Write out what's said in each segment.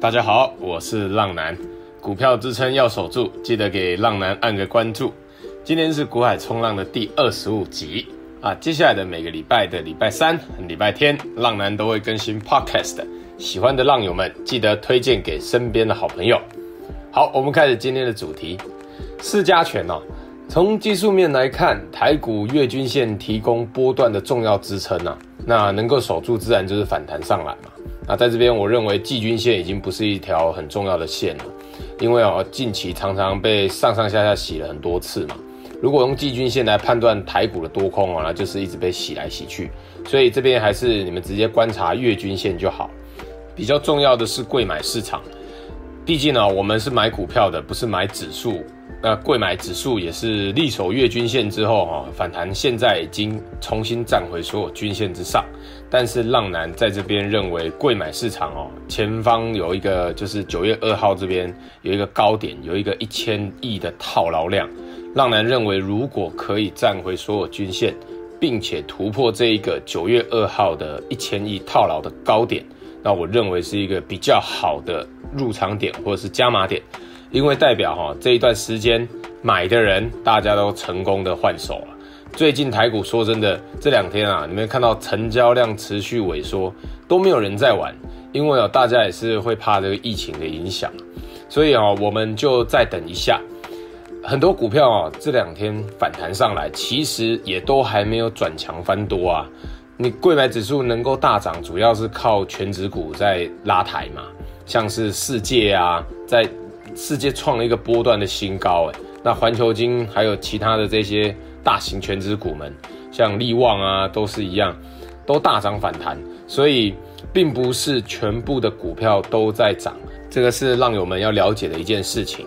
大家好，我是浪男，股票支撐要守住，記得給浪男按個關注。今天是股海衝浪的第二十五集啊，接下來的每個禮拜的禮拜三、禮拜天，浪男都會更新 podcast。喜歡的浪友們，記得推薦給身邊的好朋友。好，我們開始今天的主題，市加權哦、啊。從技術面來看，台股月均線提供波段的重要支撐啊，那能夠守住，自然就是反彈上來嘛。那在這邊，我認為季均線已經不是一條很重要的線了，因為啊、喔，近期常常被上上下下洗了很多次嘛。如果用季均線來判斷台股的多空啊，那就是一直被洗來洗去。所以這邊還是你們直接觀察月均線就好。比較重要的是櫃買市場。畢竟呢，我們是買股票的，不是買指數。那、呃、櫃買指數也是力守月均線之後哦，反彈現在已經重新站回所有均線之上。但是浪男在這邊認為，櫃買市場哦，前方有一個就是九月二號這邊有一個高點，有一個一千億的套牢量。浪男認為，如果可以站回所有均線，並且突破這一個九月二號的一千億套牢的高點，那我認為是一個比較好的入場點或者是加碼點，因為代表哈這一段時間買的人大家都成功的換手了。最近台股說真的這兩天啊，你們看到成交量持續萎縮，都沒有人在玩，因為啊大家也是會怕這個疫情的影響，所以啊我們就再等一下。很多股票啊這兩天反彈上來，其實也都還沒有轉強翻多啊。你櫃買指數能夠大漲，主要是靠權值股在拉抬嘛。像是世界啊，在世界創了一個波段的新高哎，那環球晶還有其他的這些大型權值股們，像力旺啊都是一樣，都大漲反彈，所以並不是全部的股票都在漲，這個是浪友們要了解的一件事情。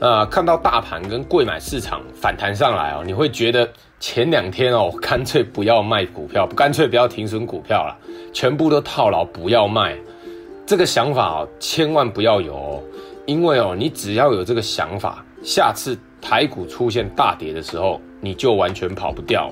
那、呃、看到大盤跟櫃買市場反彈上來哦，你會覺得前兩天哦，乾脆不要賣股票，乾脆不要停損股票了，全部都套牢，不要賣。這個想法哦，千萬不要有哦，因為哦，你只要有這個想法，下次台股出現大跌的時候，你就完全跑不掉。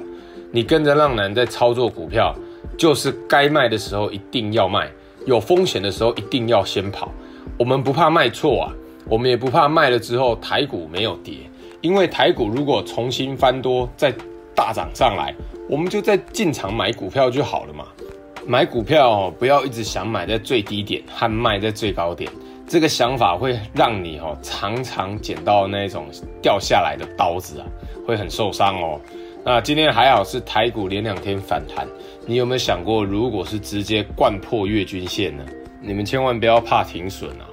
你跟着浪男在操作股票，就是該賣的時候一定要賣，有風險的時候一定要先跑。我們不怕賣錯啊，我們也不怕賣了之後台股沒有跌，因為台股如果重新翻多再大漲上來，我們就再進場買股票就好了嘛。買股票不要一直想買在最低點，和賣在最高點，這個想法會讓你哦常常撿到那種掉下來的刀子啊，會很受傷哦。那今天還好是台股連兩天反彈，你有沒有想過如果是直接灌破月均線呢？你們千萬不要怕停損啊，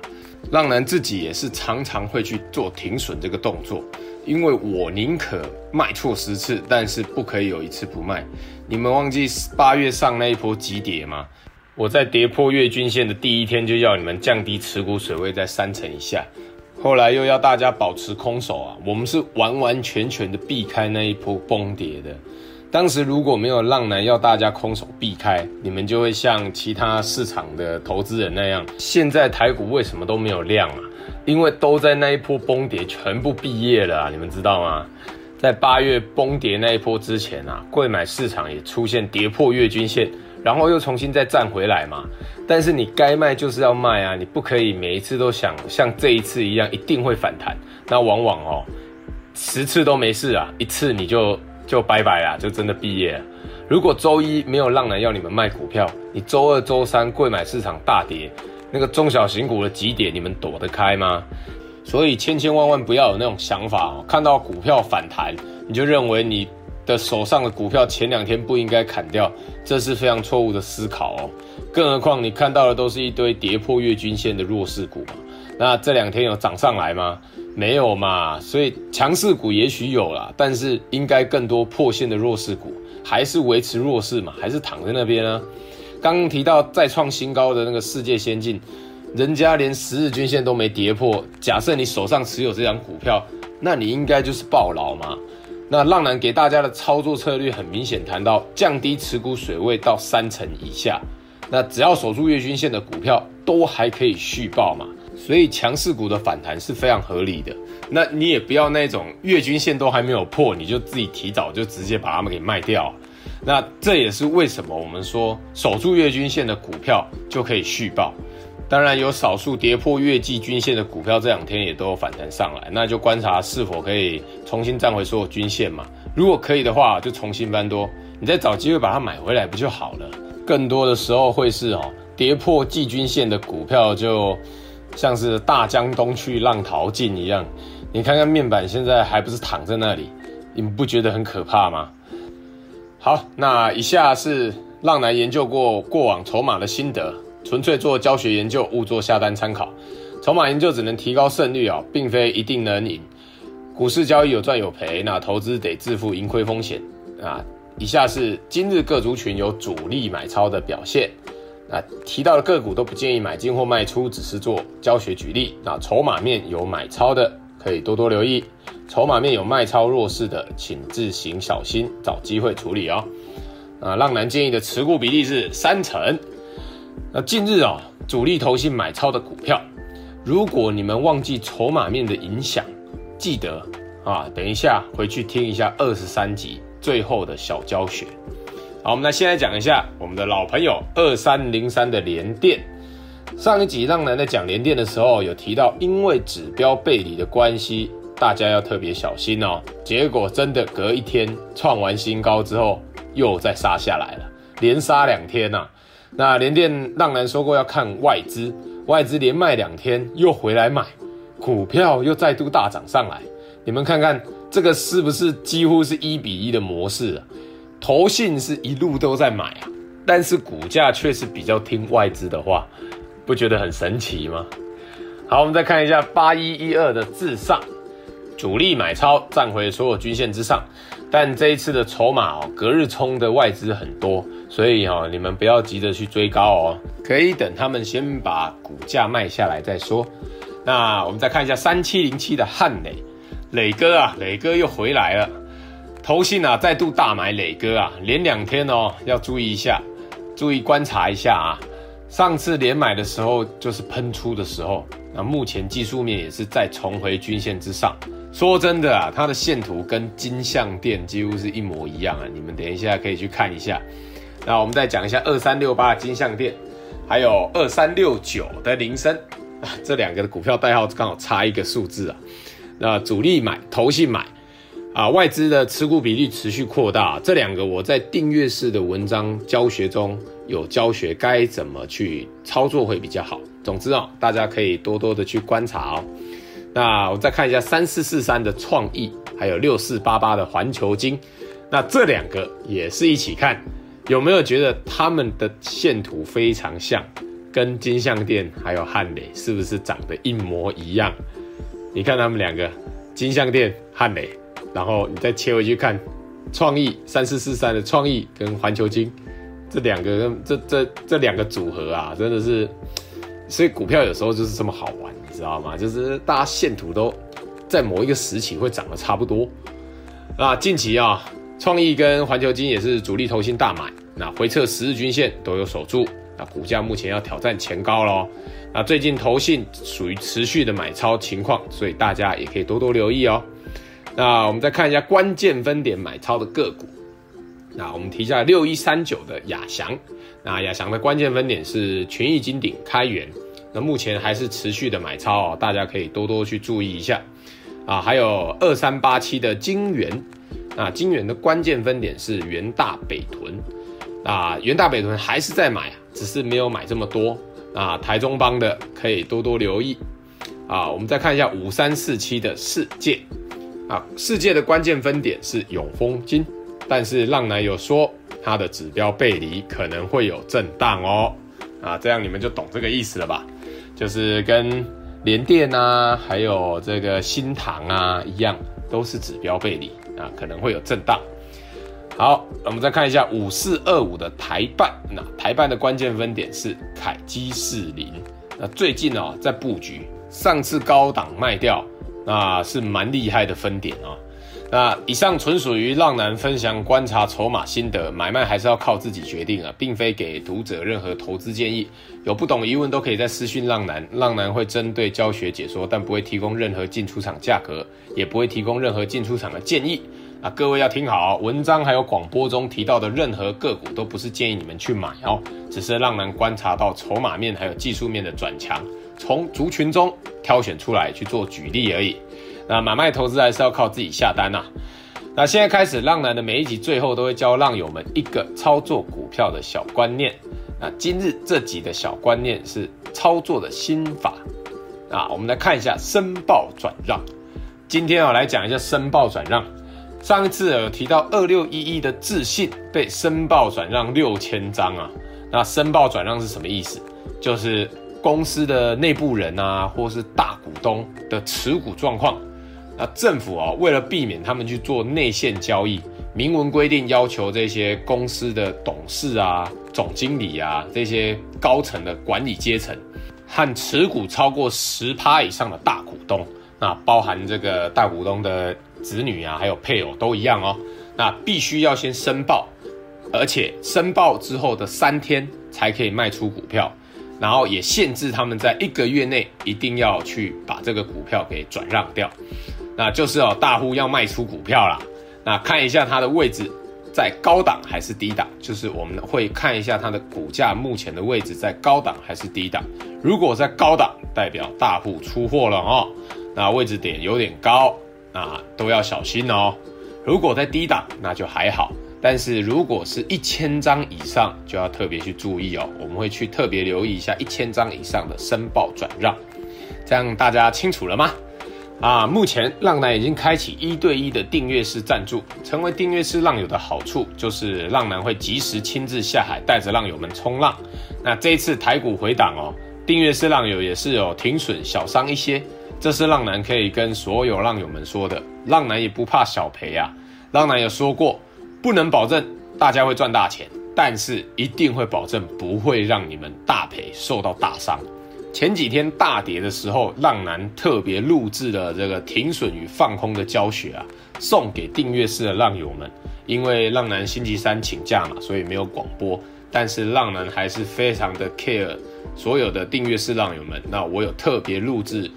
浪男自己也是常常會去做停損這個動作。因為我寧可賣錯十次，但是不可以有一次不賣。你們忘記八月上那一波急跌嗎？我在跌破月均線的第一天就要你們降低持股水位在三成以下，後來又要大家保持空手啊。我們是完完全全的避開那一波崩跌的。當時如果沒有浪男要大家空手避開，你們就會像其他市場的投資人那樣。現在台股為什麼都沒有量啊？因為都在那一波崩跌，全部畢業了啊！你們知道嗎？在八月崩跌那一波之前啊，櫃買市場也出現跌破月均線，然後又重新再站回來嘛。但是你該賣就是要賣啊，你不可以每一次都想像這一次一樣一定會反彈。那往往哦，十次都沒事啊，一次你就就拜拜了，就真的畢業了。如果周一沒有浪男要你們賣股票，你周二、周三櫃買市場大跌。那個中小型股的極點，你們躲得開嗎？所以千千萬萬不要有那種想法哦。看到股票反彈，你就認為你的手上的股票前兩天不應該砍掉，這是非常錯誤的思考哦。更何況你看到的都是一堆跌破月均線的弱勢股嘛，那這兩天有漲上來嗎？沒有嘛。所以強勢股也許有啦，但是應該更多破線的弱勢股還是維持弱勢嘛，還是躺在那邊啊。剛剛提到再創新高的那個世界先進，人家連十日均線都沒跌破。假設你手上持有這張股票，那你應該就是抱牢嘛。那浪男給大家的操作策略，很明顯談到降低持股水位到三成以下。那只要守住月均線的股票都還可以續抱嘛。所以強勢股的反彈是非常合理的。那你也不要那種月均線都還沒有破，你就自己提早就直接把它們給賣掉。那這也是為什麼我們說守住月均線的股票就可以續抱。當然，有少數跌破月季均線的股票這兩天也都反彈上來，那就觀察是否可以重新站回所有均線嘛。如果可以的話，就重新翻多，你再找機會把它買回來不就好了？更多的時候會是哦、喔，跌破季均線的股票，就像是大江東去浪淘盡一樣。你看看面板現在還不是躺在那裡，你不覺得很可怕嗎？好，那以下是浪男研究過過往籌碼的心得，純粹做教學研究，勿做下單參考。籌碼研究只能提高勝率啊，並非一定能贏。股市交易有賺有賠，那投資得自負盈虧風險啊。那以下是今日各族群有主力買超的表現，那提到的個股都不建議買進或賣出，只是做教學舉例。那籌碼面有買超的。可以多多留意，籌碼面有賣超弱勢的，請自行小心找機會處理哦。啊，浪男建議的持股比例是三成。那近日啊、哦，主力投信買超的股票，如果你們忘記籌碼面的影響，記得啊，等一下回去聽一下二十三集最後的小教學。好，我們來先來講一下我們的老朋友二三零三的聯電。上一集浪男在講聯電的時候有提到，因為指標背離的關係，大家要特別小心哦。結果真的隔一天創完新高之後，又再殺下來了，連殺兩天吶、啊。那聯電浪男說過要看外資，外資連賣兩天又回來買，股票又再度大漲上來。你們看看這個是不是幾乎是一比一的模式啊？投信是一路都在買啊，但是股價卻是比較聽外資的話。不覺得很神奇嗎？好，我們再看一下八一一二的至上，主力買超站回所有均線之上，但這一次的籌碼哦，隔日沖的外資很多，所以哦、喔，你們不要急着去追高哦、喔，可以等他們先把股價賣下來再說。那我們再看一下三七零七的漢磊，磊哥啊，磊哥又回來了，投信啊再度大買磊哥啊，連兩天哦、喔，要注意一下，注意觀察一下啊。上次連買的時候就是噴出的時候，那目前技術面也是在重回均線之上。說真的啊，它的線圖跟金像電幾乎是一模一樣啊。你們等一下可以去看一下。那我們再講一下二三六八金像電還有二三六九的菱生、啊，這兩個的股票代號剛好差一個數字啊。那主力買，投信買。啊，外資的持股比率持續擴大，這兩個我在訂閱式的文章教學中有教學該怎麼去操作會比較好。總之哦，大家可以多多的去觀察哦。那我再看一下三四四三的創意，還有六四八八的環球晶，那這兩個也是一起看，有沒有覺得他們的線圖非常像，跟金像電還有漢磊是不是長得一模一樣？你看他們兩個，金像電、漢磊。然後你再切回去看，創意，三四四三的創意跟環球晶這兩個，這這這兩個組合啊，真的是，所以股票有時候就是這麼好玩，你知道嗎？就是大家線圖都在某一個時期會漲得差不多。那近期啊，創意跟環球晶也是主力投信大買，那回測十日均線都有守住，那股價目前要挑戰前高嘍。那最近投信屬於持續的買超情況，所以大家也可以多多留意哦。那我們再看一下關鍵分點買超的個股。那我們提一下六一三九的亞翔。那亞翔的關鍵分點是群益金鼎開元。那目前還是持續的買超哦，大家可以多多去注意一下。啊，還有二三八七的精元。啊精元的關鍵分點是元大北屯。啊。那元大北屯還是在買，只是沒有買這麼多。啊，台中幫的可以多多留意。啊，我們再看一下五三四七的世界。啊，世界的關鍵分點是永豐金，但是浪男有說它的指標背離可能會有震盪哦。啊，這樣你們就懂這個意思了吧？就是跟聯電啊，還有這個新唐啊一樣，都是指標背離啊，可能會有震盪。好，我們再看一下五四二五的台半，那台半的關鍵分點是凱基士林，那最近哦，在布局，上次高檔賣掉。那是蠻厲害的分點啊、哦！那以上純屬於浪男分享觀察籌碼心得，買賣還是要靠自己決定啊，並非給讀者任何投資建議。有不懂疑問都可以在私訊浪男，浪男會針對教學解說，但不會提供任何進出場價格，也不會提供任何進出場的建議。啊，各位要聽好、哦，文章還有廣播中提到的任何個股都不是建議你們去買哦，只是浪男觀察到籌碼面還有技術面的轉強。從族群中挑選出來去做舉例而已，那買賣投資還是要靠自己下單吶、啊。那現在開始，浪男的每一集最後都會教浪友們一個操作股票的小觀念。那今日這集的小觀念是操作的心法啊。我們來看一下申報轉讓。今天我、啊、來講一下申報轉讓。上一次有提到二六一一的志信被申報轉讓六千張啊。那申報轉讓是什麼意思？就是。公司的內部人啊，或是大股東的持股狀況，那政府啊，為了避免他們去做內線交易，明文規定要求這些公司的董事啊、總經理啊這些高層的管理階層，和持股超過十趴以上的大股東，那包含這個大股東的子女啊，還有配偶都一樣哦，那必須要先申報，而且申報之後的三天才可以賣出股票。然後也限制他們在一個月內一定要去把這個股票給轉讓掉，那就是哦，大戶要賣出股票啦。那看一下它的位置在高檔還是低檔，就是我們會看一下它的股價目前的位置在高檔還是低檔。如果在高檔，代表大戶出貨了哦，那位置點有點高，那都要小心哦。如果在低檔，那就還好。但是如果是一千張以上，就要特別去注意哦。我們會去特別留意一下一千張以上的申報轉讓，這樣大家清楚了嗎？啊，目前浪男已經開啟一對一的訂閱式贊助，成為訂閱式浪友的好處就是浪男會及時親自下海帶着浪友們衝浪。那這一次台股回檔哦，訂閱式浪友也是有停損小傷一些，這是浪男可以跟所有浪友們說的。浪男也不怕小賠啊，浪男有說過。不能保證大家會賺大錢，但是一定會保證不會讓你們大賠受到大傷。前幾天大跌的時候，浪男特別錄製了這個停損與放空的教學啊，送給訂閱式的浪友們。因為浪男星期三請假嘛，所以沒有廣播，但是浪男還是非常的 care 所有的訂閱式浪友們。那我有特別錄制。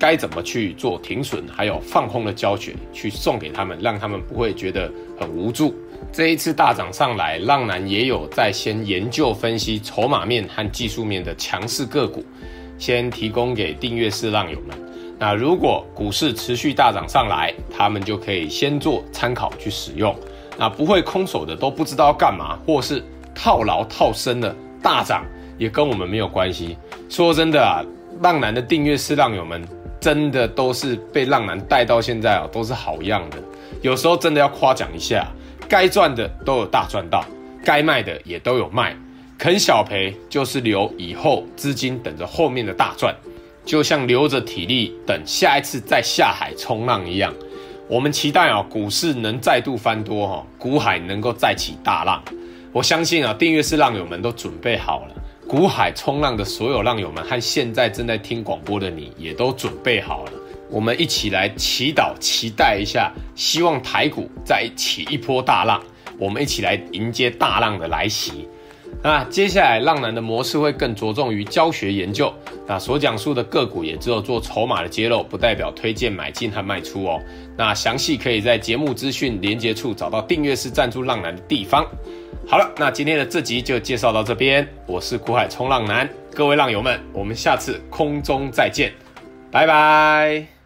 該怎麼去做停損，還有放空的教學，去送給他們，讓他們不會覺得很無助。這一次大漲上來，浪男也有在先研究分析籌碼面和技術面的強勢個股，先提供給訂閱式浪友們。那如果股市持續大漲上來，他們就可以先做參考去使用。那不會空手的都不知道幹嘛，或是套牢套深的大漲也跟我們沒有關係。說真的啊，浪男的訂閱式浪友們。真的都是被浪男帶到現在哦、啊，都是好樣的。有時候真的要誇獎一下，該賺的都有大賺到，該賣的也都有賣。肯小賠就是留以後資金等着後面的大賺，就像留着體力等下一次再下海衝浪一樣。我們期待哦、啊，股市能再度翻多哈、哦，股海能夠再起大浪。我相信啊，訂閱式浪友們都準備好了。股海衝浪的所有浪友們和現在正在聽廣播的你，也都準備好了。我們一起來祈禱、期待一下，希望台股再起一波大浪。我們一起來迎接大浪的來襲。那接下來浪男的模式會更着重於教學研究。那所講述的個股也只有做籌碼的揭露，不代表推薦買進和賣出哦。那詳細可以在節目資訊連結處找到訂閱式贊助浪男的地方。好了，那今天的這集就介紹到這邊。我是苦海衝浪男，各位浪友們，我們下次空中再見，拜拜。